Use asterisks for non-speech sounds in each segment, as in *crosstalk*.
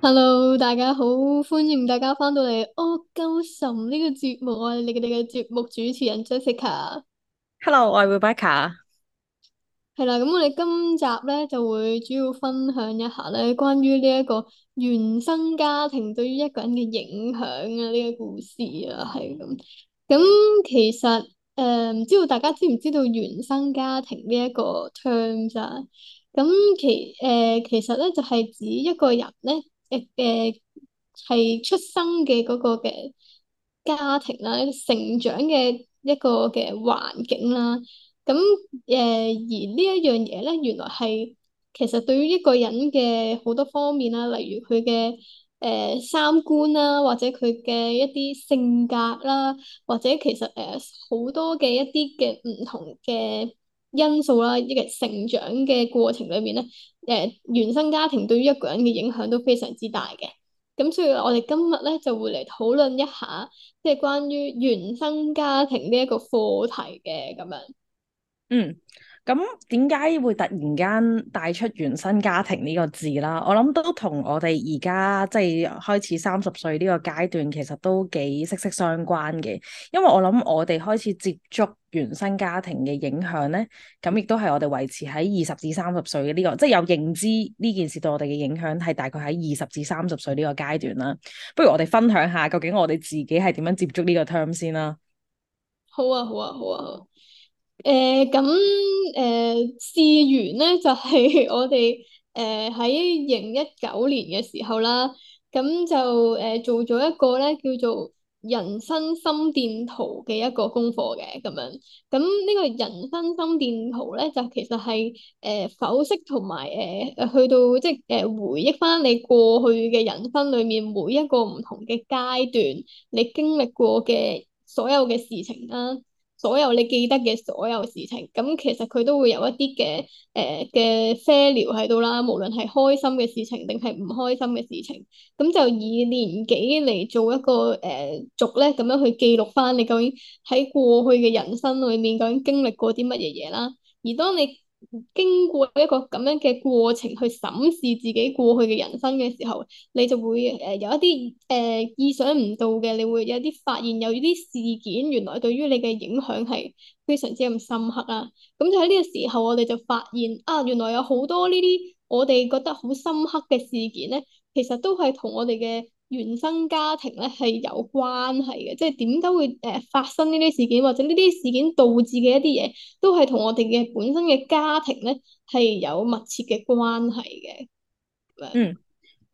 hello，大家好，歡迎大家翻到嚟《惡、oh, 夠神》呢個節目啊！你哋嘅節目主持人 Jessica，hello，我係 Rebecca。係啦，咁我哋今集咧就會主要分享一下咧關於呢一個原生家庭對於一個人嘅影響啊，呢、這個故事啊，係咁。咁、嗯、其實誒，唔、呃、知道大家知唔知道原生家庭呢一個 terms 啊？咁、嗯、其誒、呃，其實咧就係、是、指一個人咧。誒誒係出生嘅嗰個嘅家庭啦，成長嘅一個嘅環境啦。咁誒、呃、而呢一樣嘢咧，原來係其實對於一個人嘅好多方面啦，例如佢嘅誒三觀啦，或者佢嘅一啲性格啦，或者其實誒好、呃、多嘅一啲嘅唔同嘅。因素啦，一個成長嘅過程裏面咧，誒、呃，原生家庭對於一個人嘅影響都非常之大嘅。咁所以我哋今日咧就會嚟討論一下，即係關於原生家庭呢一個課題嘅咁樣。嗯。咁點解會突然間帶出原生家庭呢個字啦？我諗都同我哋而家即係開始三十歲呢個階段，其實都幾息息相關嘅。因為我諗我哋開始接觸原生家庭嘅影響咧，咁亦都係我哋維持喺二十至三十歲嘅呢個，即係有認知呢件事對我哋嘅影響係大概喺二十至三十歲呢個階段啦。不如我哋分享下究竟我哋自己係點樣接觸呢個 term 先啦、啊。好啊，好啊，好啊。誒咁誒事緣咧，就係、是、我哋誒喺二零一九年嘅時候啦。咁、嗯、就誒、呃、做咗一個咧，叫做人生心電圖嘅一個功課嘅咁樣。咁、嗯、呢、這個人生心電圖咧，就其實係誒剖析同埋誒誒去到即係誒、呃、回憶翻你過去嘅人生裏面每一個唔同嘅階段，你經歷過嘅所有嘅事情啦。所有你記得嘅所有事情，咁其實佢都會有一啲嘅誒嘅啡聊喺度啦，呃、đó, 無論係開心嘅事情定係唔開心嘅事情，咁就以年紀嚟做一個誒，逐咧咁樣去記錄返你究竟喺過去嘅人生裡面究竟經歷過啲乜嘢嘢啦，而當你經過一個咁樣嘅過程去審視自己過去嘅人生嘅時候，你就會誒有一啲誒、呃、意想唔到嘅，你會有啲發現，有啲事件原來對於你嘅影響係非常之咁深刻啦。咁就喺呢個時候，我哋就發現啊，原來有好多呢啲我哋覺得好深刻嘅事件咧，其實都係同我哋嘅。原生家庭咧係有關係嘅，即係點解會誒發生呢啲事件或者呢啲事件導致嘅一啲嘢，都係同我哋嘅本身嘅家庭咧係有密切嘅關係嘅。嗯，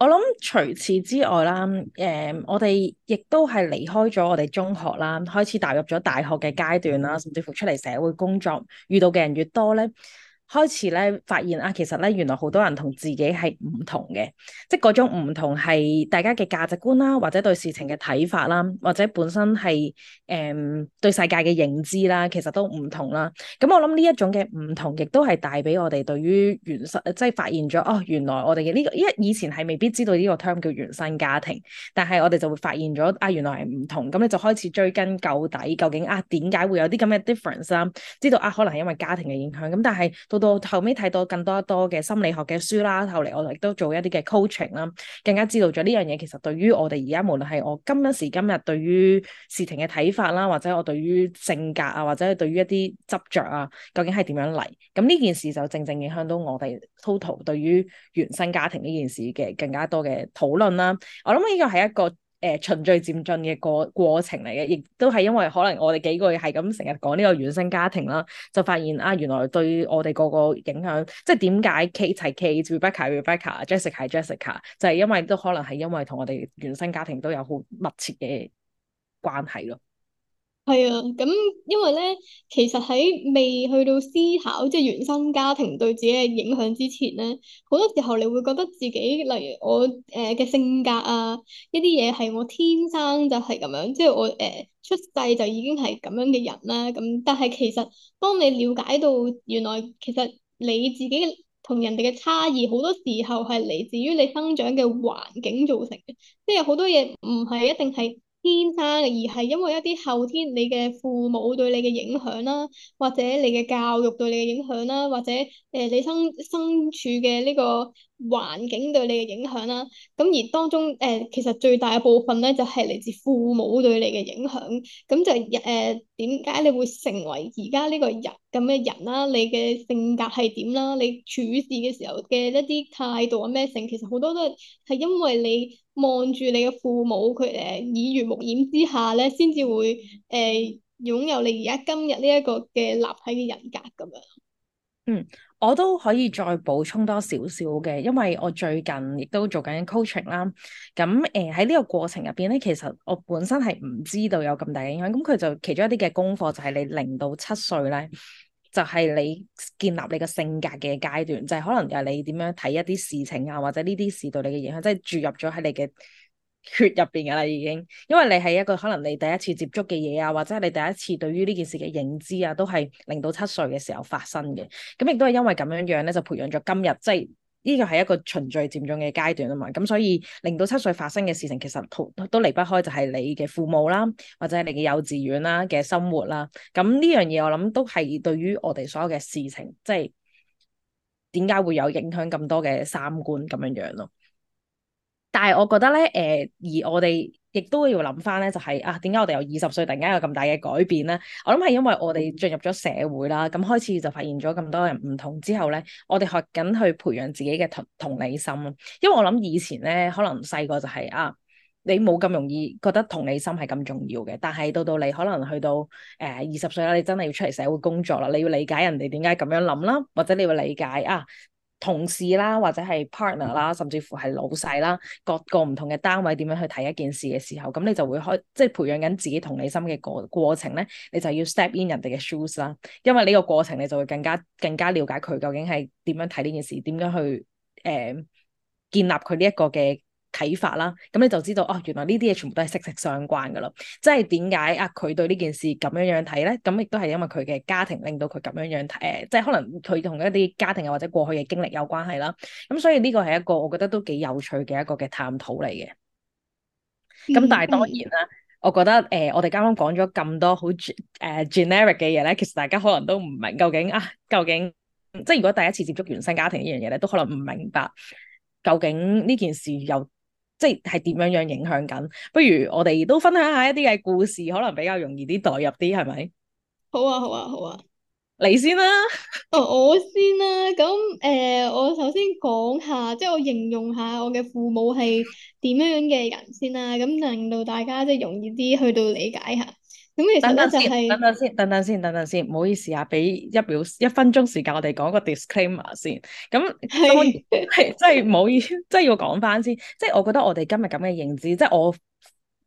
我諗除此之外啦，誒、呃，我哋亦都係離開咗我哋中學啦，開始踏入咗大學嘅階段啦，甚至乎出嚟社會工作，遇到嘅人越多咧，開始咧發現啊，其實咧原來好多人同自己係唔同嘅，即係嗰種唔同係大家嘅價值觀啦，或者對事情嘅睇法啦，或者本身係誒、嗯、對世界嘅認知啦，其實都唔同啦。咁、嗯、我諗呢一種嘅唔同，亦都係帶俾我哋對於原生，即係發現咗哦，原來我哋嘅呢個，因為以前係未必知道呢個 term 叫原生家庭，但係我哋就會發現咗啊，原來係唔同，咁你就開始追根究底，究竟啊點解會有啲咁嘅 difference 啊？知道啊，可能係因為家庭嘅影響咁，但係。到到後尾睇到更多多嘅心理學嘅書啦，後嚟我亦都做一啲嘅 coaching 啦，更加知道咗呢樣嘢其實對於我哋而家無論係我今一時今日對於事情嘅睇法啦，或者我對於性格啊，或者係對於一啲執着啊，究竟係點樣嚟？咁呢件事就正正影響到我哋 total 對於原生家庭呢件事嘅更加多嘅討論啦。我諗呢個係一個。誒循序漸進嘅過過程嚟嘅，亦都係因為可能我哋幾個月係咁成日講呢個原生家庭啦，就發現啊，原來對我哋個個影響，即係點解 Kate 係 Kate，Rebecca 係 Rebecca，Jessica 係 Jessica，就係因為都可能係因為同我哋原生家庭都有好密切嘅關係咯。係啊，咁因為咧，其實喺未去到思考即係原生家庭對自己嘅影響之前咧，好多時候你會覺得自己，例如我誒嘅性格啊，一啲嘢係我天生就係咁樣，即係我誒、呃、出世就已經係咁樣嘅人啦。咁但係其實當你了解到原來其實你自己同人哋嘅差異，好多時候係嚟自於你生長嘅環境造成嘅，即係好多嘢唔係一定係。天生嘅，而係因為一啲後天你嘅父母對你嘅影響啦，或者你嘅教育對你嘅影響啦，或者誒、呃、你生生處嘅呢個。環境對你嘅影響啦，咁而當中誒、呃，其實最大嘅部分咧就係、是、嚟自父母對你嘅影響，咁就誒、是、點、呃、解你會成為而家呢個人咁嘅人啦？你嘅性格係點啦？你處事嘅時候嘅一啲態度啊咩性，其實好多都係係因為你望住你嘅父母佢誒耳濡目染之下咧，先至會誒擁、呃、有你而家今日呢一個嘅立體嘅人格咁樣。嗯。我都可以再補充多少少嘅，因為我最近亦都做緊 coaching 啦。咁誒喺呢個過程入邊咧，其實我本身係唔知道有咁大嘅影響。咁佢就其中一啲嘅功課就係你零到七歲咧，就係你建立你嘅性格嘅階段，就係可能又係你點樣睇一啲事情啊，或者呢啲事對你嘅影響，即係注入咗喺你嘅血入面嘅啦，已經，因為你係一個可能你第一次接觸嘅嘢啊，或者係你第一次對於呢件事嘅認知啊，都係零到七歲嘅時候發生嘅。咁亦都係因為咁樣樣咧，就培養咗今日，即係呢個係一個循序漸進嘅階段啊嘛。咁所以零到七歲發生嘅事情，其實都都離不開就係你嘅父母啦，或者係你嘅幼稚園啦嘅生活啦。咁呢樣嘢我諗都係對於我哋所有嘅事情，即係點解會有影響咁多嘅三觀咁樣樣咯。但係我覺得咧，誒、呃、而我哋亦都要諗翻咧，就係、是、啊，點解我哋由二十歲突然間有咁大嘅改變咧？我諗係因為我哋進入咗社會啦，咁開始就發現咗咁多人唔同之後咧，我哋學緊去培養自己嘅同同理心。因為我諗以前咧，可能細個就係、是、啊，你冇咁容易覺得同理心係咁重要嘅。但係到到你可能去到誒二十歲啦，你真係要出嚟社會工作啦，你要理解人哋點解咁樣諗啦，或者你要理解啊。同事啦，或者係 partner 啦，甚至乎係老細啦，各個唔同嘅單位點樣去睇一件事嘅時候，咁你就會開，即係培養緊自己同理心嘅過過程咧，你就要 step in 人哋嘅 shoes 啦，因為呢個過程你就會更加更加了解佢究竟係點樣睇呢件事，點樣去誒、呃、建立佢呢一個嘅睇法啦，咁你就知道哦，原來呢啲嘢全部都係息息相關噶咯。即係點解啊？佢對呢件事咁樣樣睇咧，咁亦都係因為佢嘅家庭令到佢咁樣樣睇誒，即係可能佢同一啲家庭又或者過去嘅經歷有關係啦。咁、嗯、所以呢個係一個我覺得都幾有趣嘅一個嘅探討嚟嘅。咁、mm hmm. 但係當然啦，我覺得誒、呃，我哋啱啱講咗咁多好誒、uh, generic 嘅嘢咧，其實大家可能都唔明究竟啊，究竟即係如果第一次接觸原生家庭呢樣嘢咧，都可能唔明白究竟呢件事又。即係點樣樣影響緊？不如我哋都分享下一啲嘅故事，可能比較容易啲代入啲，係咪、啊？好啊好啊好啊！你先啦、啊。 *laughs* 哦，我先啦、啊。咁誒、呃，我首先講下，即係我形容下我嘅父母係點樣嘅人先啦、啊。咁令到大家即係容易啲去到理解下。等，就是，等等先，等等先，等等先，等等先，唔好意思啊，俾一表，一分鐘時間我哋講個 disclaimer 先。咁當然係即係唔好意思，即係要講翻先。即係我覺得我哋今日咁嘅認知，即係我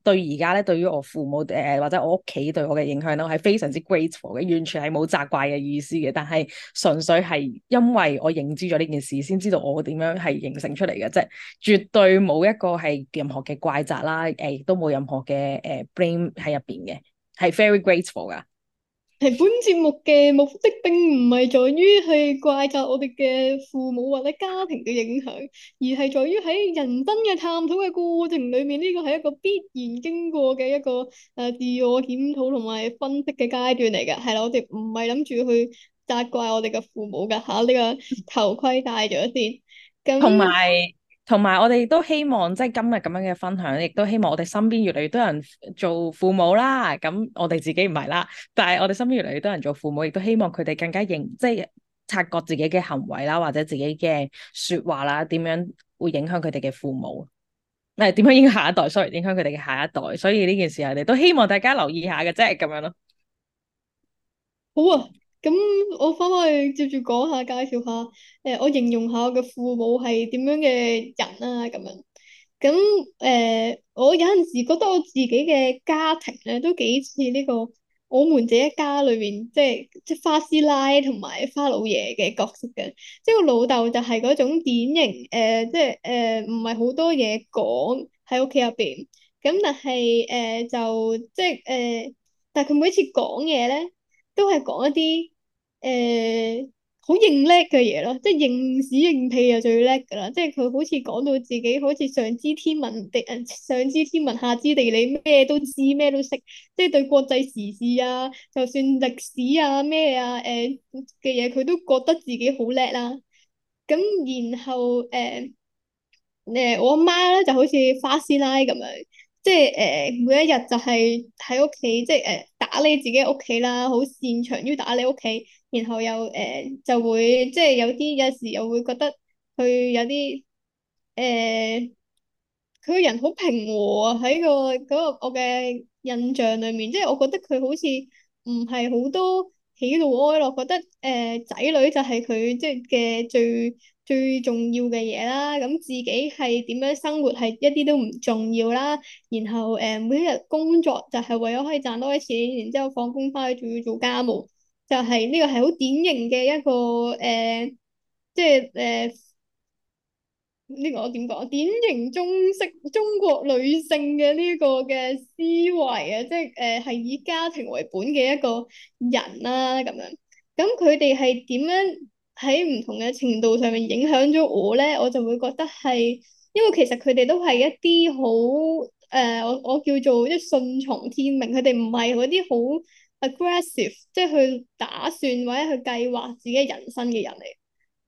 對而家咧，對於我父母誒、呃、或者我屋企對我嘅影響咧，我係非常之 grateful 嘅，完全係冇責怪嘅意思嘅。但係純粹係因為我認知咗呢件事，先知道我點樣係形成出嚟嘅，即係絕對冇一個係任何嘅怪責啦。誒、呃，亦都冇任何嘅誒 blame 喺入邊嘅。係 very grateful 噶。係本節目嘅目的，並唔係在於去怪責我哋嘅父母或者家庭嘅影響，而係在於喺人生嘅探討嘅過程裏面，呢個係一個必然經過嘅一個誒自我檢討同埋分析嘅階段嚟嘅。係啦，我哋唔係諗住去責怪我哋嘅父母噶吓，呢、啊呢個頭盔戴咗先。咁同埋。同埋我哋都希望即係今日咁樣嘅分享，亦都希望我哋身邊越嚟越多人做父母啦。咁我哋自己唔係啦，但係我哋身邊越嚟越多人做父母，亦都希望佢哋更加認即係察覺自己嘅行為啦，或者自己嘅說話啦，點樣會影響佢哋嘅父母，咪、哎、點樣 Sorry, 影響下一代，所以影響佢哋嘅下一代。所以呢件事，我哋都希望大家留意下嘅，即係咁樣咯。好啊。咁我翻返去接住講下，下，介紹下，誒我形容下我嘅父母係點樣嘅人啊咁樣。咁誒、呃，我有陣時覺得我自己嘅家庭咧，都幾似呢個，我們這一家裏邊，即係即花師奶同埋花老爺嘅角色嘅。即個老豆就係嗰種典型誒、呃，即係誒唔係好多嘢講喺屋企入邊。咁但係誒就即係誒，但係佢、呃呃、每次講嘢咧，都係講一啲。誒好認叻嘅嘢咯，即係認屎認屁就最叻㗎啦！即係佢好似講到自己好似上知天文地，上知天文下知地理，咩都知咩都識，即係對國際時事啊，就算歷史啊咩啊誒嘅嘢，佢、呃、都覺得自己好叻啦。咁然後誒誒、呃呃，我媽咧就好似花師奶咁樣，即係誒、呃、每一日就係喺屋企，即係誒打理自己屋企啦，好擅長於打理屋企。然後又誒、呃、就會即係有啲有時又會覺得佢有啲誒，佢、呃、個人好平和啊！喺個嗰、嗰個、我嘅印象裏面，即係我覺得佢好似唔係好多喜怒哀樂，覺得誒仔、呃、女就係佢即係嘅最最重要嘅嘢啦。咁、嗯、自己係點樣生活係一啲都唔重要啦。然後誒、呃、每一日工作就係為咗可以賺多啲錢，然之後放工翻去仲要做家務。就係呢個係好典型嘅一個誒、呃，即係誒呢個我點講啊？典型中式中國女性嘅呢個嘅思維啊，即係誒係以家庭為本嘅一個人啦、啊、咁樣。咁佢哋係點樣喺唔同嘅程度上面影響咗我咧？我就會覺得係因為其實佢哋都係一啲好誒，我我叫做即係順從天命，佢哋唔係嗰啲好。Aggressive，即係去打算或者去計劃自己人生嘅人嚟，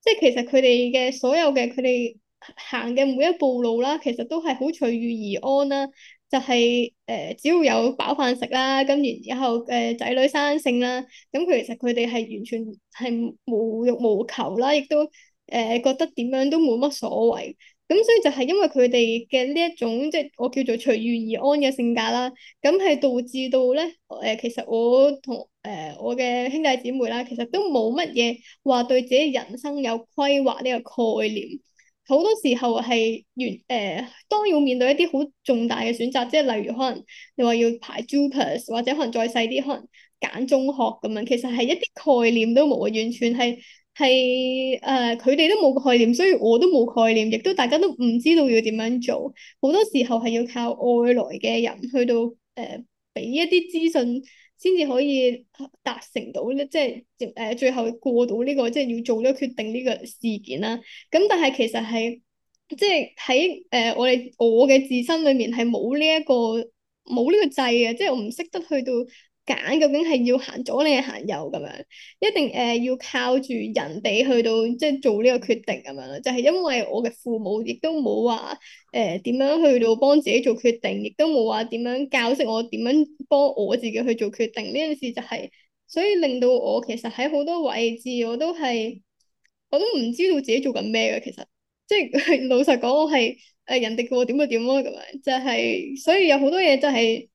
即係其實佢哋嘅所有嘅佢哋行嘅每一步路啦，其實都係好隨遇而安啦，就係、是、誒、呃、只要有飽飯食啦，咁然之後誒仔、呃、女生性啦，咁其實佢哋係完全係無欲無求啦，亦都誒、呃、覺得點樣都冇乜所謂。咁所以就係因為佢哋嘅呢一種即係、就是、我叫做隨遇而安嘅性格啦，咁係導致到咧誒、呃，其實我同誒、呃、我嘅兄弟姐妹啦，其實都冇乜嘢話對自己人生有規劃呢個概念，好多時候係完誒，當要面對一啲好重大嘅選擇，即係例如可能你話要排 Jupas 或者可能再細啲，可能揀中學咁樣，其實係一啲概念都冇，完全係。係誒，佢哋、呃、都冇概念，所以我都冇概念，亦都大家都唔知道要點樣做。好多時候係要靠外來嘅人去到誒，俾、呃、一啲資訊，先至可以達成到咧，即係誒、呃、最後過到呢、這個即係要做咗決定呢個事件啦。咁但係其實係即係喺誒我哋我嘅自身裏面係冇呢一個冇呢個掣嘅，即係我唔識得去到。揀究竟係要行左定係行右咁樣，一定誒要靠住人哋去到即係做呢個決定咁樣就係、是、因為我嘅父母亦都冇話誒點樣去到幫自己做決定，亦都冇話點樣教識我點樣幫我自己去做決定呢件事、就是，就係所以令到我其實喺好多位置我都係我都唔知道自己做緊咩嘅，其實即係、就是、老實講，我係誒人哋叫我點就點咯咁樣，就係、是、所以有好多嘢就係、是。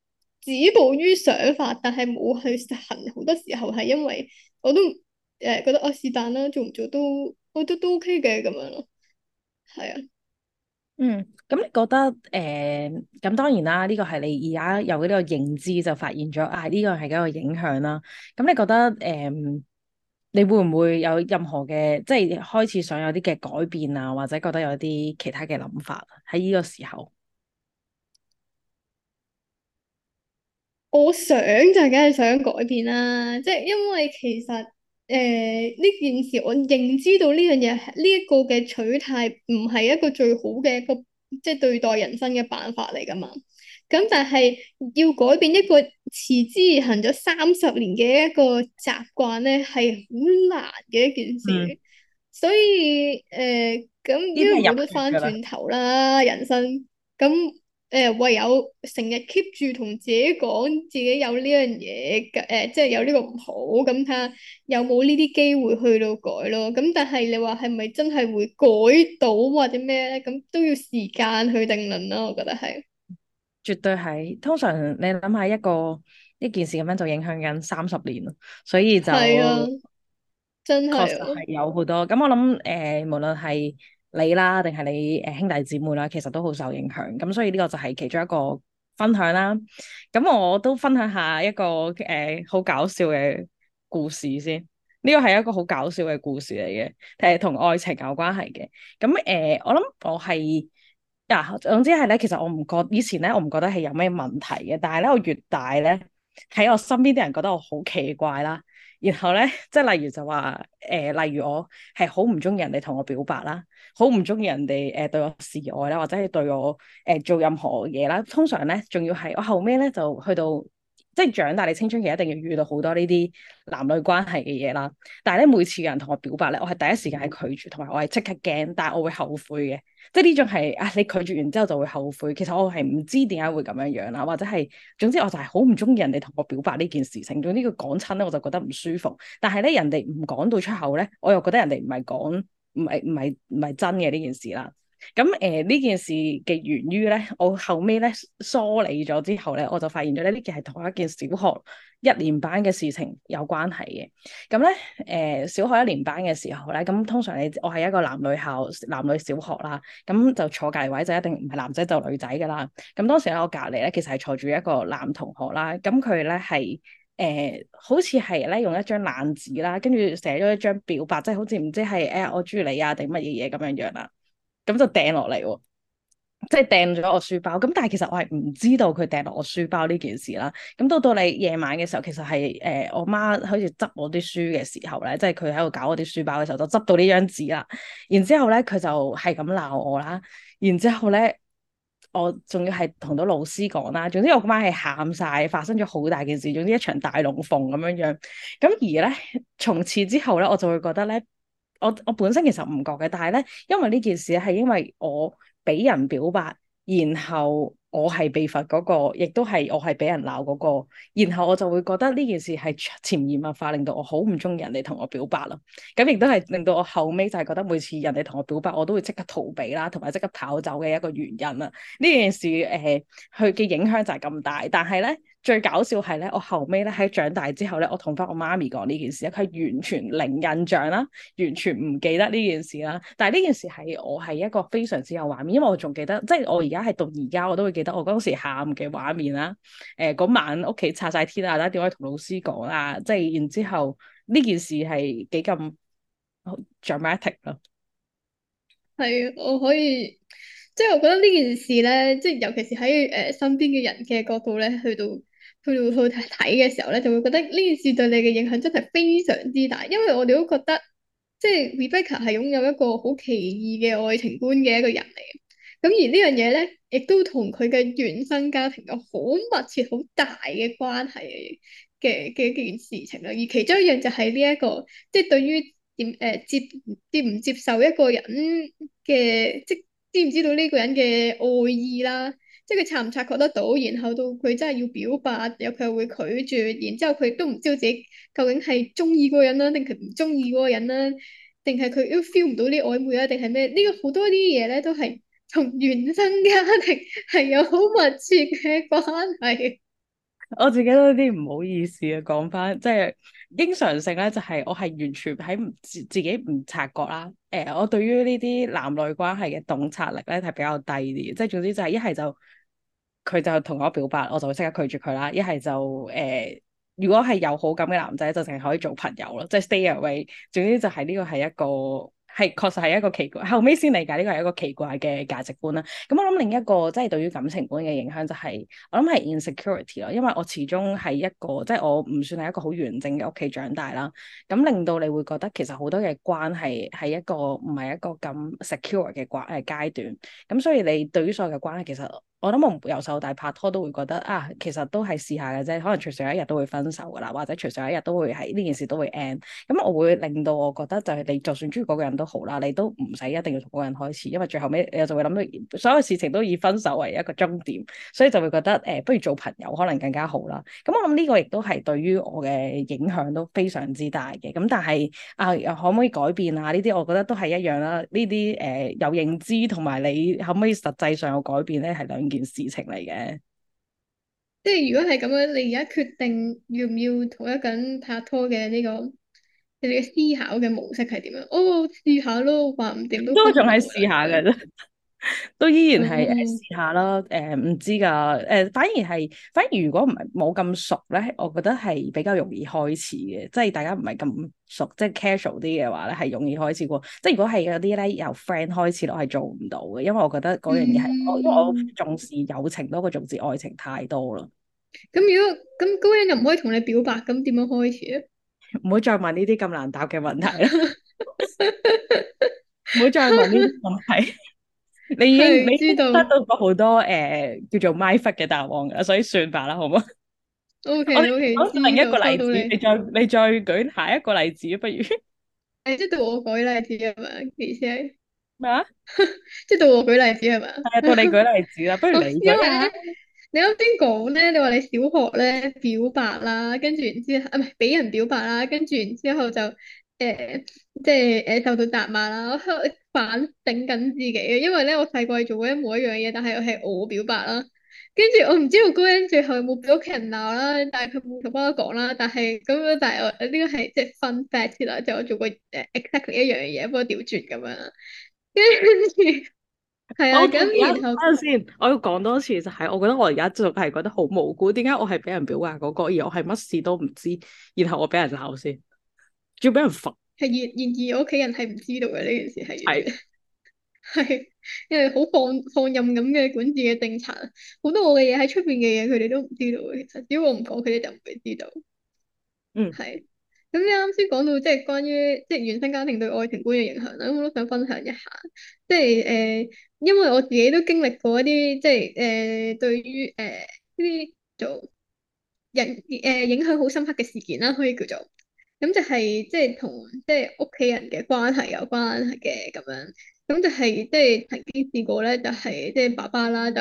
止步於想法，但係冇去實行。好多時候係因為我都誒、欸、覺得我是但啦，做唔做都，我覺得都 OK 嘅咁樣咯。係啊。嗯，咁你覺得誒，咁、呃、當然啦，呢個係你而家有呢個認知就發現咗，啊呢個係一個影響啦。咁你覺得誒、呃，你會唔會有任何嘅，即係開始想有啲嘅改變啊，或者覺得有啲其他嘅諗法喺呢個時候？我想就梗係想改變啦，即係因為其實誒呢、呃、件事，我認知道呢樣嘢係呢一個嘅、這個、取態唔係一個最好嘅一個即係對待人生嘅辦法嚟噶嘛。咁但係要改變一個持之以恆咗三十年嘅一個習慣咧，係好難嘅一件事。嗯、所以誒，咁、呃、都要回得翻轉頭啦，人生咁。誒唯有成日 keep 住同自己講自己有呢樣嘢嘅誒，即係有呢個唔好。咁睇下有冇呢啲機會去到改咯。咁但係你話係咪真係會改到或者咩咧？咁都要時間去定論啦、啊。我覺得係，絕對係。通常你諗下一個呢件事咁樣就影響緊三十年啦，所以就、啊、真係係有好多。咁我諗誒、呃，無論係。你啦，定係你誒、呃、兄弟姊妹啦，其實都好受影響咁，所以呢個就係其中一個分享啦。咁我都分享一下一個誒好、呃、搞笑嘅故事先。呢個係一個好搞笑嘅故事嚟嘅，誒、呃、同愛情有關係嘅。咁誒、呃，我諗我係嗱、啊、總之係咧，其實我唔覺以前咧，我唔覺得係有咩問題嘅。但係咧，我越大咧，喺我身邊啲人覺得我好奇怪啦。然後咧，即係例如就話，誒、呃，例如我係好唔中意人哋同我表白啦，好唔中意人哋誒對我示愛啦，或者係對我誒、呃、做任何嘢啦。通常咧，仲要係我後尾咧就去到。即係長大，你青春期一定要遇到好多呢啲男女關係嘅嘢啦。但係咧，每次有人同我表白咧，我係第一時間係拒絕，同埋我係即刻驚，但係我會後悔嘅。即係呢種係啊，你拒絕完之後就會後悔。其實我係唔知點解會咁樣樣啦，或者係總之我就係好唔中意人哋同我表白呢件事情。總之佢講親咧，我就覺得唔舒服。但係咧，人哋唔講到出口咧，我又覺得人哋唔係講唔係唔係唔係真嘅呢件事啦。咁誒呢件事嘅源於咧，我後尾咧梳理咗之後咧，我就發現咗咧呢件係同一件小學一年班嘅事情有關係嘅。咁咧誒小學一年班嘅時候咧，咁通常你我係一個男女校男女小學啦，咁就坐隔位就一定唔係男仔就女仔噶啦。咁當時咧我隔離咧其實係坐住一個男同學啦，咁佢咧係誒好似係咧用一張爛紙啦，跟住寫咗一張表白，即係好似唔知係誒、哎、我中意你啊定乜嘢嘢咁樣樣啦。咁就掟落嚟喎，即係掟咗我書包。咁但係其實我係唔知道佢掟落我書包呢件事啦。咁到到你夜晚嘅時候，其實係誒、呃、我媽好似執我啲書嘅時候咧，即係佢喺度搞我啲書包嘅時候，就執到呢張紙啦。然之後咧，佢就係咁鬧我啦。然之後咧，我仲要係同到老師講啦。總之我嗰晚係喊晒，發生咗好大件事。總之一場大龍鳳咁樣樣。咁而咧，從此之後咧，我就會覺得咧。我我本身其實唔覺嘅，但係咧，因為呢件事咧，係因為我俾人表白，然後我係被罰嗰個，亦都係我係俾人鬧嗰個，然後我就會覺得呢件事係潛移默化令到我好唔中意人哋同我表白啦。咁亦都係令到我後尾就係覺得每次人哋同我表白，我都會即刻逃避啦，同埋即刻跑走嘅一個原因啦。呢件事誒，佢嘅影響就係咁大，但係咧。最搞笑係咧，我後尾咧喺長大之後咧，我同翻我媽咪講呢件事咧，佢係完全零印象啦，完全唔記得呢件事啦。但係呢件事係我係一個非常之有畫面，因為我仲記得即係我而家係到而家我都會記得我嗰時喊嘅畫面啦。誒、呃、嗰晚屋企拆晒天啊，點可以同老師講啦？即係然之後呢件事係幾咁 dramatic 咯！係我可以即係、就是、我覺得呢件事咧，即係尤其是喺誒身邊嘅人嘅角度咧，去到。佢哋去睇嘅時候咧，就會覺得呢件事對你嘅影響真係非常之大，因為我哋都覺得即係、就是、Rebecca、ah、係擁有一個好奇異嘅愛情觀嘅一個人嚟嘅，咁而呢樣嘢咧，亦都同佢嘅原生家庭有好密切、好大嘅關係嘅嘅一件事情啦。而其中一樣就係呢一個，即、就、係、是、對於點誒、呃、接接唔接受一個人嘅，即係知唔知道呢個人嘅愛意啦。即係佢察唔察覺得到，然後到佢真係要表白，有佢又會拒絕，然之後佢都唔知道自己究竟係中意嗰個人啦，定佢唔中意嗰個人啦，定係佢都 feel 唔到啲曖昧啊，定係咩？呢、呢個好多啲嘢咧都係同原生家庭係有好密切嘅關係。我自己都有啲唔好意思啊，講翻即係經常性咧，就係我係完全喺自自己唔察覺啦。誒、呃，我對於呢啲男女關係嘅洞察力咧係比較低啲，即係總之就係一係就。佢就同我表白，我就會即刻拒絕佢啦。一係就誒、呃，如果係有好感嘅男仔，就淨係可以做朋友咯，即係 stay away。總之就係呢個係一個係確實係一個奇怪，後尾先理解呢個係一個奇怪嘅價值觀啦。咁我諗另一個即係對於感情觀嘅影響，就係我諗係 insecurity 咯，因為我始終係一個即係我唔算係一個好完整嘅屋企長大啦。咁令到你會覺得其實好多嘅關係係一個唔係一個咁 secure 嘅關誒階段。咁所以你對於所有嘅關係其實～我諗我由細到大拍拖都會覺得啊，其實都係試下嘅啫，可能隨時有一日都會分手噶啦，或者隨時有一日都會係呢件事都會 end、嗯。咁我會令到我覺得就係、是、你就算中意嗰個人都好啦，你都唔使一定要同嗰個人開始，因為最後尾你就會諗到所有事情都以分手為一個終點，所以就會覺得誒、呃，不如做朋友可能更加好啦。咁、嗯、我諗呢個亦都係對於我嘅影響都非常之大嘅。咁、嗯、但係啊，可唔可以改變啊？呢啲我覺得都係一樣啦、啊。呢啲誒有認知同埋你可唔可以實際上有改變咧，係兩件事情嚟嘅，即係如果係咁樣，你而家決定要唔要同一緊拍拖嘅呢？這個你嘅思考嘅模式係點樣？哦、試我試下咯，話唔掂都都仲係試下嘅啫。都依然係試下啦，誒，唔、嗯嗯、知噶，誒、呃，反而係，反而如果唔係冇咁熟咧，我覺得係比較容易開始嘅，即係大家唔係咁熟，即係 casual 啲嘅話咧，係容易開始過。即係如果係有啲咧由 friend 開始，我係做唔到嘅，因為我覺得嗰樣嘢係，我、mm. 因為我重視友情多過重視愛情太多啦。咁如果咁，嗰個人又唔可以同你表白，咁點樣開始啊？唔好再問呢啲咁難答嘅問題啦，唔好再問呢啲問題。你已經俾得到過好多誒叫做咪忽嘅答案，所以算吧啦，好唔好？O K，我哋講另一個例子，你再你再舉下一個例子，不如？誒，即到我舉例子啊嘛，意思係咩啊？即到我舉例子係嘛？到你舉例子啦，不如你舉？你啱先講咧，你話你小學咧表白啦，跟住然之後啊，唔係俾人表白啦，跟住然之後就誒，即係誒受到責罵啦。反頂緊自己嘅，因為咧我細個係做過一模一樣嘢，但係係我表白啦。跟住我唔知我高欣最後有冇俾屋企人鬧啦，但係佢冇同我講啦。但係咁樣，但係我呢個係即係 fun fact 啦即係我做過誒 exactly 一樣嘢，不過調轉咁樣，跟住係啊，咁然後等下先，我要講多次就係，是，我覺得我而家仲係覺得好無辜。點解我係俾人表白嗰，那個，而我係乜事都唔知，然後我俾人鬧先，仲俾人罰。係然然而，而我屋企人係唔知道嘅呢件事，係係是， *laughs* 因為好放放任咁嘅管治嘅政策，好多我嘅嘢喺出邊嘅嘢，佢哋都唔知道嘅。其實只要我唔講，佢哋就唔會知道。嗯，係。咁你啱先講到即係關於即係、就是、原生家庭對愛情觀嘅影響啦，咁我都想分享一下。即係誒，因為我自己都經歷過一啲即係誒，對於誒呢啲做人誒、呃、影響好深刻嘅事件啦，可以叫做。咁就係即係同即係屋企人嘅關係有關係嘅咁樣，咁就係即係曾經試過咧，就係即係爸爸啦、呃、就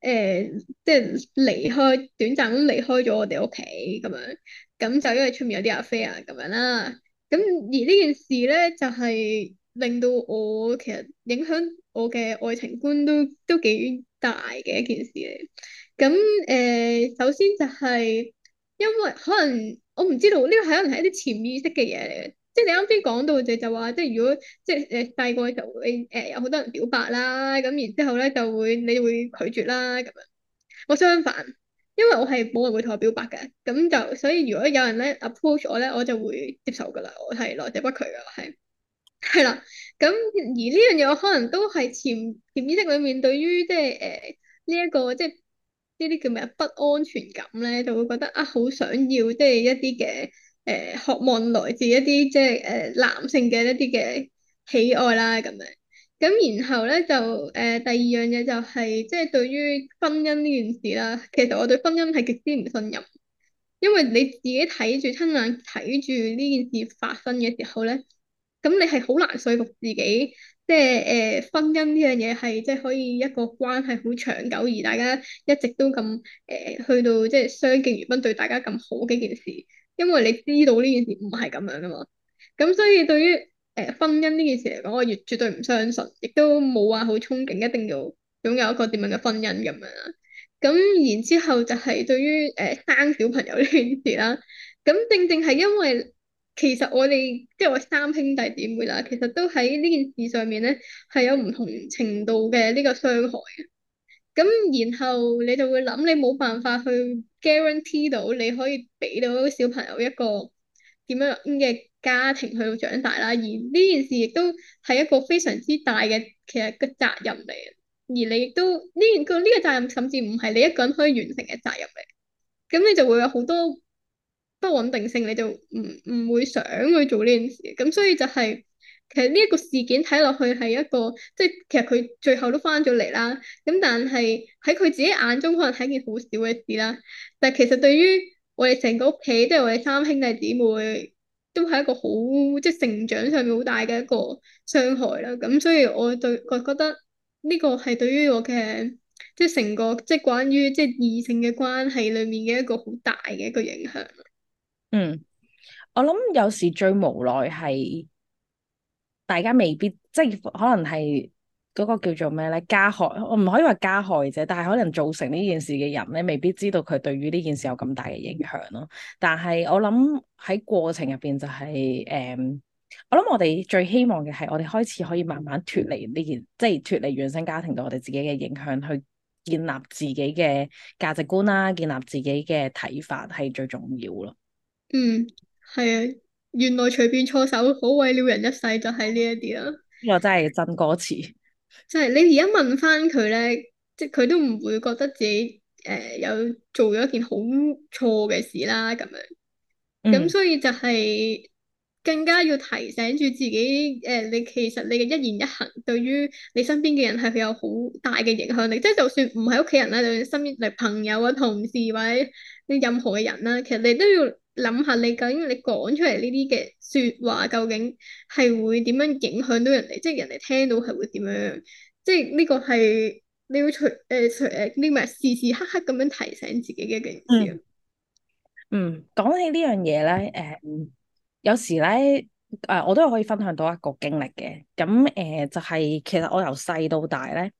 誒即係離開短暫咁離開咗我哋屋企咁樣，咁就因為出面有啲 affair 咁樣啦，咁而呢件事咧就係、是、令到我其實影響我嘅愛情觀都都幾大嘅一件事嚟，咁誒、呃、首先就係、是。因為可能我唔知道呢個係可能係一啲潛意識嘅嘢嚟嘅，即係你啱先講到就就話，即係如果即係誒細個嘅時候就會、呃、有好多人表白啦，咁然之後咧就會你就會拒絕啦咁樣。我相反，因為我係冇人會同我表白嘅，咁就所以如果有人咧 approach 我咧，我就會接受㗎啦，我係來者不拒㗎，我係係啦。咁而呢樣嘢我可能都係潛潛意識裏面對於即係誒呢一個即係。呢啲叫咩？不安全感咧，就會覺得啊，好想要，即係一啲嘅誒渴望來自一啲即係誒、呃、男性嘅一啲嘅喜愛啦咁樣。咁然後咧就誒、呃、第二樣嘢就係、是、即係對於婚姻呢件事啦，其實我對婚姻係極之唔信任，因為你自己睇住親眼睇住呢件事發生嘅時候咧，咁你係好難說服自己，即係誒、呃，婚姻呢樣嘢係即係可以一個關係好長久，而大家一直都咁誒、呃，去到即係相敬如賓，對大家咁好嘅件事。因為你知道呢件事唔係咁樣噶嘛，咁所以對於誒、呃、婚姻呢件事嚟講，我越絕對唔相信，亦都冇話好憧憬一定要擁有一個點樣嘅婚姻咁樣啦。咁然之後就係對於誒、呃、生小朋友呢件事啦，咁正正係因為。其實我哋即係我三兄弟姊妹啦，其實都喺呢件事上面咧，係有唔同程度嘅呢個傷害嘅。咁然後你就會諗，你冇辦法去 guarantee 到你可以俾到小朋友一個點樣嘅家庭去到長大啦。而呢件事亦都係一個非常之大嘅其實嘅責任嚟。而你亦都呢個呢個責任，甚至唔係你一個人可以完成嘅責任嚟。咁你就會有好多。不穩定性，你就唔唔會想去做呢件事嘅。咁，所以就係其實呢一個事件睇落去係一個即係其實佢最後都返咗嚟啦。咁但係喺佢自己眼中，可能係一件好小嘅事啦。但係其實對於我哋成個屋企，即係我哋三兄弟姊妹，都係一個好即係成長上面好大嘅一個傷害啦。咁所以我對我覺得呢個係對於我嘅即係成個即係關於即係異性嘅關係裡面嘅一個好大嘅一個影響。嗯，我諗有時最無奈係大家未必，即係可能係嗰個叫做咩咧，加害我唔可以話加害者，但係可能造成呢件事嘅人咧，未必知道佢對於呢件事有咁大嘅影響咯。但係我諗喺過程入邊就係、是，誒、嗯，我諗我哋最希望嘅係，我哋開始可以慢慢脫離呢件，即係脫離原生家庭對我哋自己嘅影響，去建立自己嘅價值觀啦、啊，建立自己嘅睇法係最重要咯。嗯，係啊，原來隨便錯手可毀了人一世，就係呢一啲啦。呢個真係真歌詞，即係你而家問翻佢咧，即係佢都唔會覺得自己誒、呃、有做咗一件好錯嘅事啦。咁樣咁，嗯、所以就係更加要提醒住自己，誒、呃，你其實你嘅一言一行，對於你身邊嘅人係有好大嘅影響力。即、就、係、是、就算唔係屋企人啦，你身邊嚟朋友啊、同事、啊、或者啲任何嘅人啦，其實你都要。諗下你究竟你講出嚟呢啲嘅說話究竟係會點樣影響到人哋，即係人哋聽到係會點樣？即係呢個係你要除誒除誒呢啲咪時時刻刻咁樣提醒自己嘅一件事。嗯。嗯，講起呢樣嘢咧，誒，有時咧誒，我都係可以分享到一個經歷嘅。咁誒，就係其實我由細到大咧，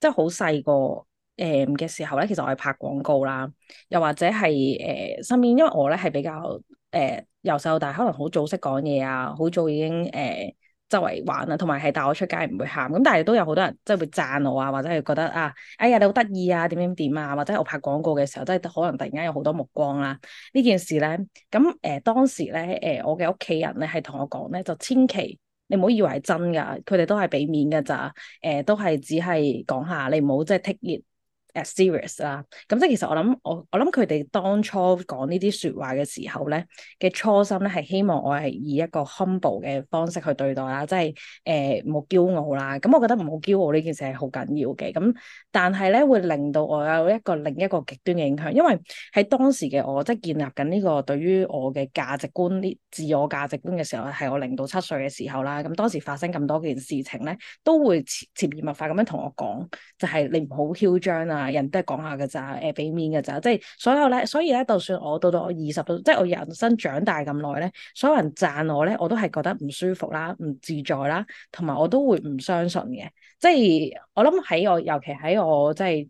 即係好細個。誒嘅、嗯、時候咧，其實我係拍廣告啦，又或者係誒、呃、身邊，因為我咧係比較誒由細到大，可能好早識講嘢啊，好早已經誒、呃、周圍玩啊，同埋係帶我出街唔會喊。咁但係都有好多人即係會讚我啊，或者係覺得啊，哎呀你好得意啊，點點點啊，或者我拍廣告嘅時候，即、就、係、是、可能突然間有好多目光啦、啊。呢件事咧，咁、嗯、誒、呃、當時咧誒、呃、我嘅屋企人咧係同我講咧，就千祈你唔好以為係真㗎，佢哋都係俾面㗎咋，誒、呃、都係只係講下，你唔好即係 Serious 啦，咁即係其實我諗，我我諗佢哋當初講呢啲説話嘅時候咧嘅初心咧係希望我係以一個 humble 嘅方式去對待啦，即係唔好驕傲啦。咁、嗯、我覺得唔好驕傲呢件事係好緊要嘅。咁、嗯、但係咧會令到我有一個另一個極端嘅影響，因為喺當時嘅我即係建立緊呢個對於我嘅價值觀、啲自我價值觀嘅時候，係我零到七歲嘅時候啦。咁、嗯、當時發生咁多件事情咧，都會潛潛移默化咁樣同我講，就係、是、你唔好囂張啊！人都係講下噶咋，誒俾面噶咋，即係所有咧，所以咧，就算我到咗我二十歲，即係我人生長大咁耐咧，所有人讚我咧，我都係覺得唔舒服啦，唔自在啦，同埋我都會唔相信嘅，即係我諗喺我，尤其喺我即係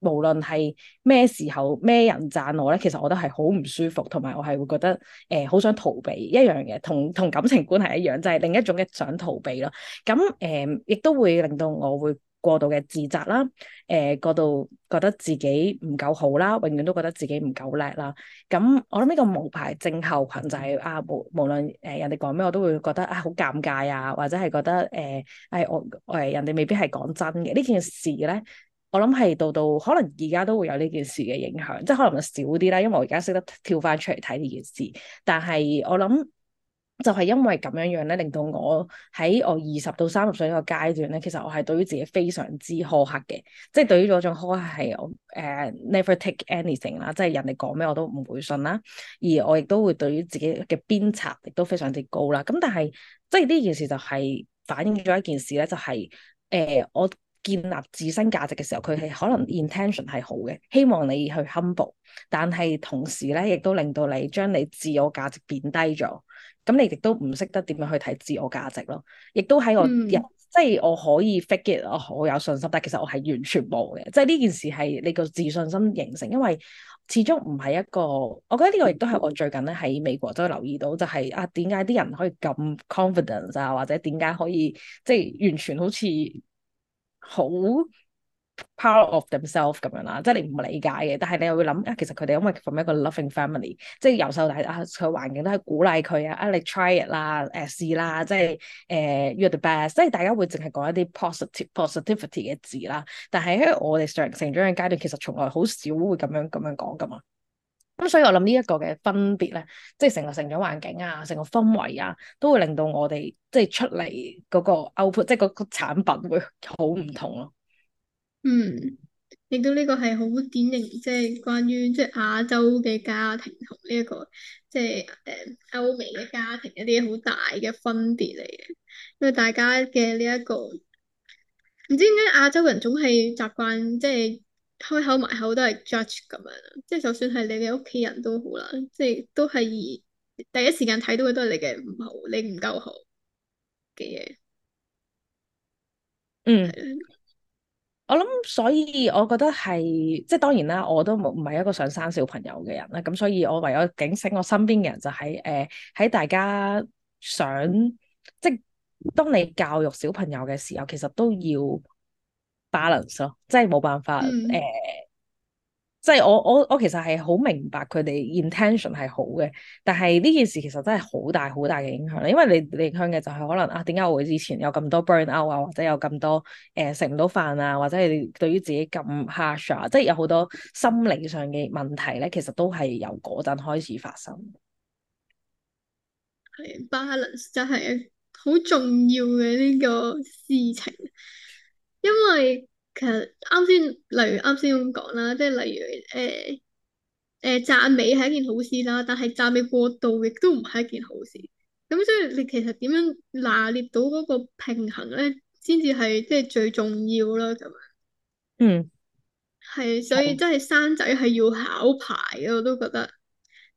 無論係咩時候咩人讚我咧，其實我都係好唔舒服，同埋我係會覺得誒好想逃避一樣嘅，同同感情觀係一樣，就係另一種嘅想逃避咯。咁誒亦都會令到我會。過度嘅自責啦，誒、呃、過度覺得自己唔夠好啦，永遠都覺得自己唔夠叻啦。咁我諗呢個無牌症候群就係、是、啊，無無論誒、呃、人哋講咩，我都會覺得啊好尷尬啊，或者係覺得誒係、呃哎、我誒人哋未必係講真嘅呢件事咧。我諗係到到可能而家都會有呢件事嘅影響，即係可能少啲啦，因為我而家識得跳翻出嚟睇呢件事，但係我諗。就係因為咁樣樣咧，令到我喺我二十到三十歲呢個階段咧，其實我係對於自己非常之苛刻嘅，即係對於嗰種苛刻係我誒、uh, never take anything 啦，即係人哋講咩我都唔會信啦，而我亦都會對於自己嘅鞭策亦都非常之高啦。咁但係即係呢件事就係反映咗一件事咧、就係，就係誒我。建立自身價值嘅時候，佢係可能 intention 係好嘅，希望你去 humble，但係同時咧，亦都令到你將你自我價值變低咗。咁你亦都唔識得點樣去睇自我價值咯。亦都喺我、嗯、即係我可以 figure 我好有信心，但其實我係完全冇嘅。即係呢件事係你個自信心形成，因為始終唔係一個。我覺得呢個亦都係我最近咧喺美國都留意到、就係，就係啊，點解啲人可以咁 confidence 啊，或者點解可以即係完全好似？好 power of themselves 咁樣啦，即係你唔理解嘅，但係你又會諗啊，其實佢哋因為從一個 loving family，即係由細到大啊，佢環境都係鼓勵佢啊，你 it，啊嚟 try it 啦，誒試啦、啊，即係誒 you're the best，即係大家會淨係講一啲 positive positivity 嘅字啦，但係喺我哋成長嘅階段，其實從來好少會咁樣咁樣講噶嘛。咁所以我諗呢一個嘅分別咧，即係成個成長環境啊，成個氛圍啊，都會令到我哋即係出嚟嗰個 output，即係嗰個產品會好唔同咯。嗯，亦都呢個係好典型，即係關於即係亞洲嘅家庭同呢一個即係誒歐美嘅家庭一啲好大嘅分別嚟嘅，因為大家嘅呢一個，唔知點解亞洲人總係習慣即係。就是開口埋口都係 judge 咁樣，即係就算係你哋屋企人都好啦，即係都係第一時間睇到嘅都係你嘅唔好，你唔夠好嘅嘢。嗯，係嘅，我諗所以我覺得係，即係當然啦，我都冇唔係一個想生小朋友嘅人啦，咁所以我唯有警醒我身邊嘅人就喺誒喺大家想，即係當你教育小朋友嘅時候，其實都要。balance 咯，即係冇辦法誒、嗯呃，即係我我我其實係好明白佢哋 intention 係好嘅，但係呢件事其實真係好大好大嘅影響啦。因為你你影響嘅就係可能啊，點解我以前有咁多 burn out 多、呃、啊，或者有咁多誒食唔到飯啊，或者係對於自己咁 harsh 啊，即係有好多心理上嘅問題咧，其實都係由嗰陣開始發生。係 balance 真係好重要嘅呢、這個事情。因為其實啱先，例如啱先咁講啦，即係例如誒誒讚美係一件好事啦，但係讚美過度亦都唔係一件好事。咁所以你其實點樣拿捏到嗰個平衡咧，先至係即係最重要咯。咁。嗯，係所以真係生仔係要考牌嘅，我都覺得。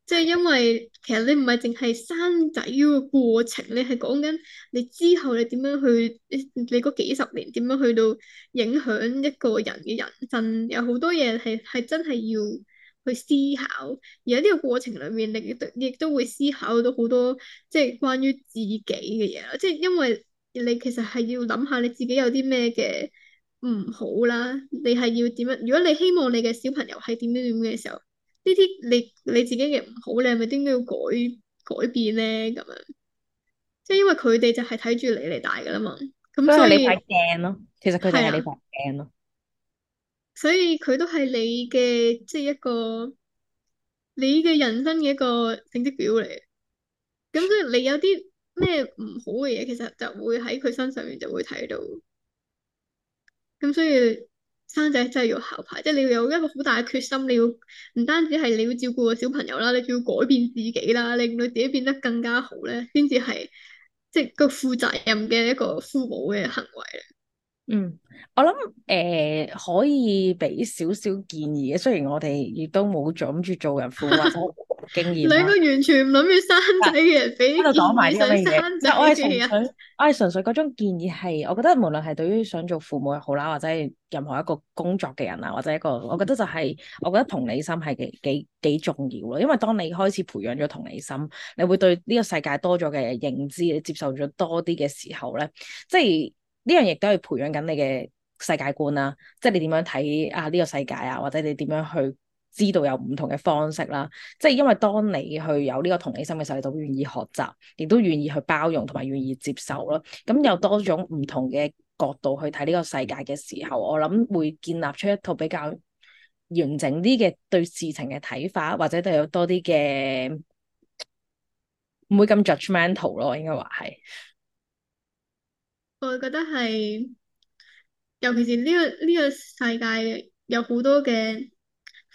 即係因為其實你唔係淨係生仔嗰個過程，你係講緊你之後你點樣去，你嗰幾十年點樣去到影響一個人嘅人生，有好多嘢係係真係要去思考。而喺呢個過程裏面，你亦都亦都會思考到好多即係關於自己嘅嘢，即係因為你其實係要諗下你自己有啲咩嘅唔好啦，你係要點樣？如果你希望你嘅小朋友係點點點嘅時候。呢啲你你自己嘅唔好，你係咪點解要改改變咧？咁樣，即係因為佢哋就係睇住你嚟大噶啦嘛。咁所以你塊鏡咯，其實佢哋係你塊鏡咯。所以佢都係你嘅，即係一個你嘅人生嘅一個成績表嚟。咁所以你有啲咩唔好嘅嘢，其實就會喺佢身上面就會睇到。咁所以。生仔真係要考牌，即係你要有一個好大嘅決心，你要唔單止係你要照顧個小朋友啦，你仲要改變自己啦，令你自己變得更加好咧，先至係即係個負責任嘅一個父母嘅行為。嗯，我諗誒、呃、可以俾少少建議嘅，雖然我哋亦都冇做諗住做人父母或者經驗， *laughs* 你都完全唔諗住生仔嘅俾建議個生嘅，但係我係我係純粹嗰種建議係，我覺得無論係對於想做父母又好啦，或者任何一個工作嘅人啊，或者一個，我覺得就係、是，我覺得同理心係幾幾幾重要咯，因為當你開始培養咗同理心，你會對呢個世界多咗嘅認知，你接受咗多啲嘅時候咧，即係。呢樣亦都係培養緊你嘅世界觀啦，即係你點樣睇啊呢個世界啊，或者你點樣去知道有唔同嘅方式啦、啊。即係因為當你去有呢個同理心嘅時候，你都願意學習，亦都願意去包容同埋願意接受咯。咁有多種唔同嘅角度去睇呢個世界嘅時候，我諗會建立出一套比較完整啲嘅對事情嘅睇法，或者都有多啲嘅唔會咁 judgmental 咯，應該話係。我覺得係，尤其是呢、呢個呢、呢個世界有好多嘅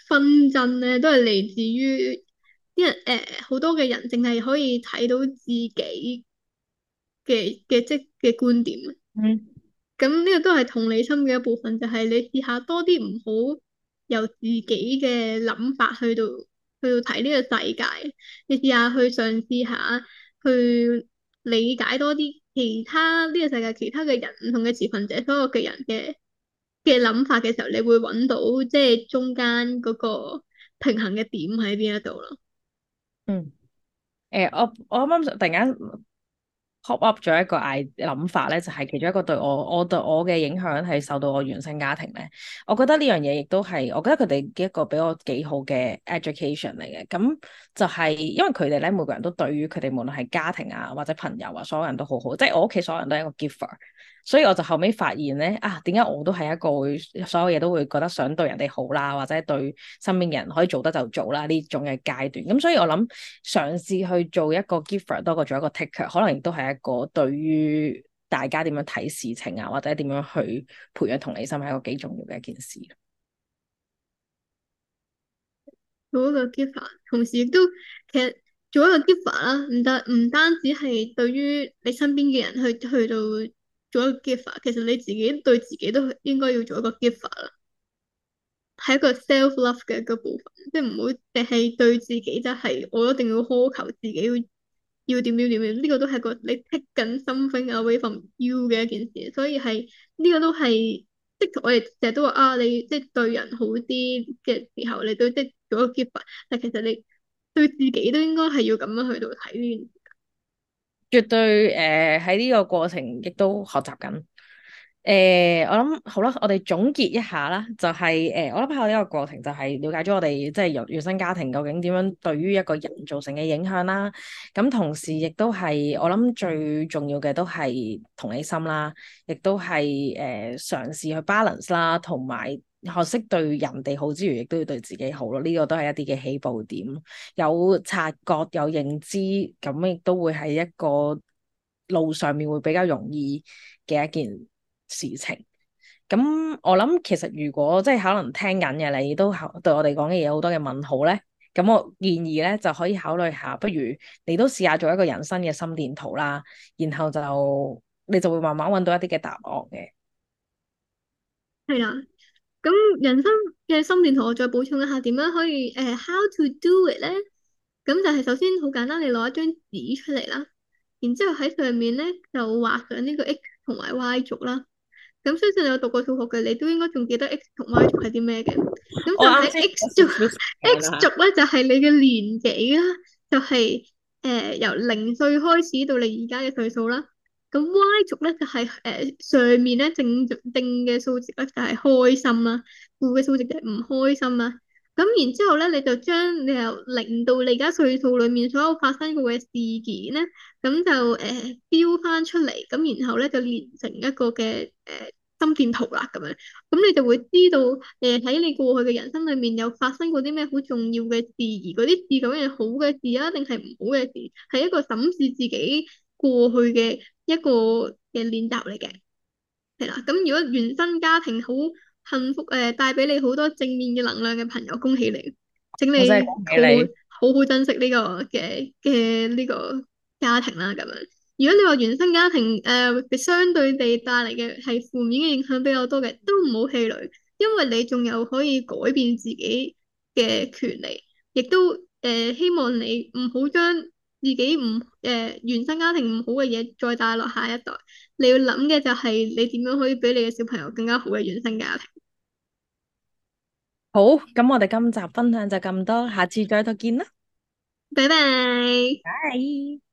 紛爭咧，都係嚟自於啲、呃、人誒，好多嘅人淨係可以睇到自己嘅嘅即嘅觀點。嗯。咁呢個都係同理心嘅一部分，就係、是、你試下多啲唔好由自己嘅諗法去到去到睇呢個世界，你試下去嘗試下去理解多啲。其他呢、這個世界，其他嘅人，唔同嘅持份者，所有嘅人嘅嘅諗法嘅時候，你會揾到即係中間嗰個平衡嘅點喺邊一度咯。嗯。誒、欸，我我啱啱突然間，pop up 咗一個嗌諗法咧，就係、是、其中一個對我，我對我嘅影響係受到我原生家庭咧。我覺得呢樣嘢亦都係，我覺得佢哋嘅一個俾我幾好嘅 education 嚟嘅。咁就係因為佢哋咧，每個人都對於佢哋無論係家庭啊或者朋友啊，所有人都好好，即係我屋企所有人都係一個 giver 所以我就後尾發現咧啊，點解我都係一個會所有嘢都會覺得想對人哋好啦，或者對身邊嘅人可以做得就做啦呢種嘅階段。咁所以我諗嘗試去做一個 giver 多過做一個 taker，可能亦都係一個對於大家點樣睇事情啊，或者點樣去培養同理心係一個幾重要嘅一件事。做一個 giver，同時亦都其實做一個 giver 啦，唔得唔單止係對於你身邊嘅人去去到。做一個 giver 其實你自己對自己都應該要做一個 giver 啦，係一個 self love 嘅一個部分，即係唔好淨係對自己就係我一定要苛求自己要要點樣點樣，呢、這個都係個你 take 緊 something away from you 嘅一件事，所以係呢、這個都係即係我哋成日都話啊，你即係、就是、對人好啲嘅時候，你都即、就是、做一個 giver 但其實你對自己都應該係要咁樣去到睇呢件事。絕對誒，喺、呃、呢個過程亦都學習緊。誒、呃，我諗好啦，我哋總結一下啦，就係、是、誒、呃，我諗喺我呢個過程就係了解咗我哋即係原原生家庭究竟點樣對於一個人造成嘅影響啦。咁同時亦都係我諗最重要嘅都係同理心啦，亦都係誒嘗試去 balance 啦，同埋學識對人哋好之餘，亦都要對自己好咯。呢個都係一啲嘅起步點，有察覺、有認知，咁亦都會係一個路上面會比較容易嘅一件事情。咁我諗，其實如果即係可能聽緊嘅你都對我哋講嘅嘢好多嘅問號咧，咁我建議咧就可以考慮下，不如你都試下做一個人生嘅心電圖啦，然後就你就會慢慢揾到一啲嘅答案嘅。係啊。咁人生嘅心電圖同我再補充一下，點樣可以？誒、呃、，how to do it 咧？咁就係首先好簡單，你攞一張紙出嚟啦，然之後喺上面咧就畫上呢個 X 同埋 Y 軸啦。咁相信有讀過數學嘅你，都應該仲記得 X 同 Y 軸係啲咩嘅？咁就係 X 軸，X 軸咧就係你嘅年紀啦，就係、是、誒、呃、由零歲開始到你而家嘅歲數啦。咁 Y 軸咧就係、是、誒、呃、上面咧正正嘅數值咧就係、是、開心啦、啊，負嘅數值就係唔開心啦、啊。咁然之後咧，你就將你由零到你而家歲數裏面所有發生過嘅事件咧，咁就誒標翻出嚟，咁然後咧就連成一個嘅誒、呃、心電圖啦咁樣。咁你就會知道誒喺、呃、你過去嘅人生裏面有發生過啲咩好重要嘅事，嗰啲事究竟係好嘅事啊，定係唔好嘅事？係一個審視自己過去嘅，一個嘅練習嚟嘅，係啦。咁如果原生家庭好幸福，誒、呃、帶俾你好多正面嘅能量嘅朋友，恭喜你！請你好好，你好，好，好，好珍惜呢、呢個嘅嘅呢個家庭啦。咁樣，如果你話原生家庭誒、呃、相對地帶嚟嘅係負面嘅影響比較多嘅，都唔好氣餒，因為你仲有可以改變自己嘅權利，亦都誒、呃、希望你唔好將。自己唔誒、呃、原生家庭唔好嘅嘢，再帶落下一代，你要諗嘅就係你點樣可以俾你嘅小朋友更加好嘅原生家庭。好，咁我哋今集分享就咁多，下次再喺度見啦，拜拜 bye。係。